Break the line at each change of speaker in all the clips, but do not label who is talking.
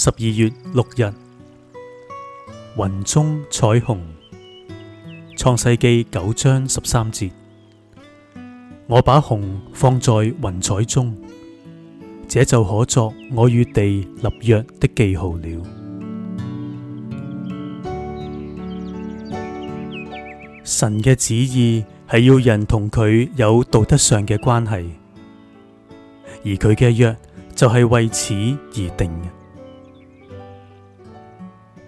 十二月六日，雲中彩虹，創世記九章十三節，我把虹放在雲彩中，這就可作我與地立約的記號了。神嘅旨意係要人同佢有道德上嘅關係，而佢嘅約就係為此而定。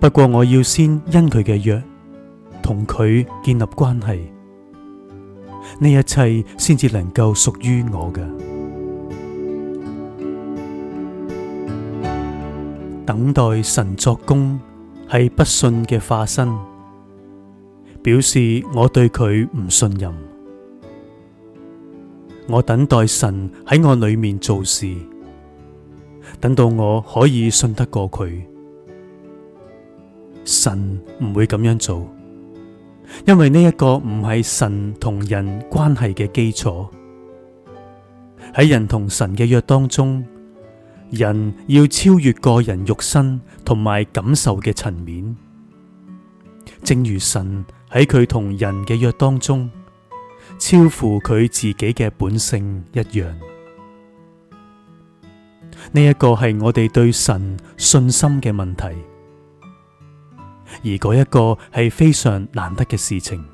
不過我要先因佢嘅約同佢建立關係，呢一切先至能夠屬於我噶。等待神作工係不信嘅化身，表示我對佢唔信任。我等待神喺我裏面做事，等到我可以信得過佢。神唔會咁樣做，因為呢一個唔係神同人關係嘅基礎。喺人同神嘅約當中，人要超越個人肉身同埋感受嘅層面，正如神喺佢同人嘅約當中超乎佢自己嘅本性一樣。呢一個係我哋對神信心嘅問題。而嗰一個係非常難得嘅事情，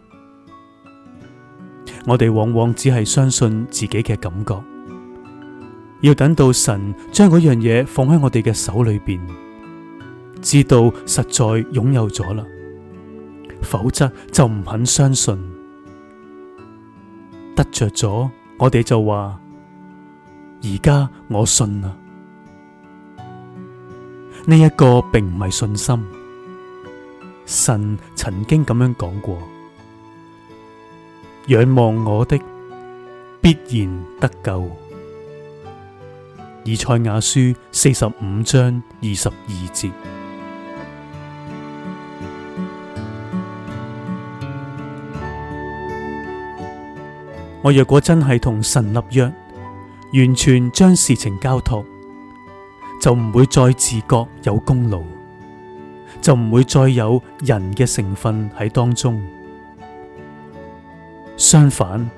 我哋往往只係相信自己嘅感覺，要等到神將嗰樣嘢放喺我哋嘅手裏邊，知道實在擁有咗啦，否則就唔肯相信。得着咗，我哋就話：而家我信啦。呢一個並唔係信心。神曾經咁樣講過：仰望我的，必然得救。以賽亞書四十五章二十二節。我若果真係同神立約，完全將事情交託，就唔會再自覺有功勞。就唔會再有人嘅成分喺當中，相反，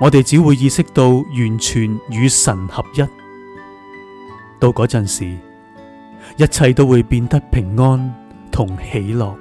我哋只會意識到完全與神合一。到嗰陣時，一切都會變得平安同喜樂。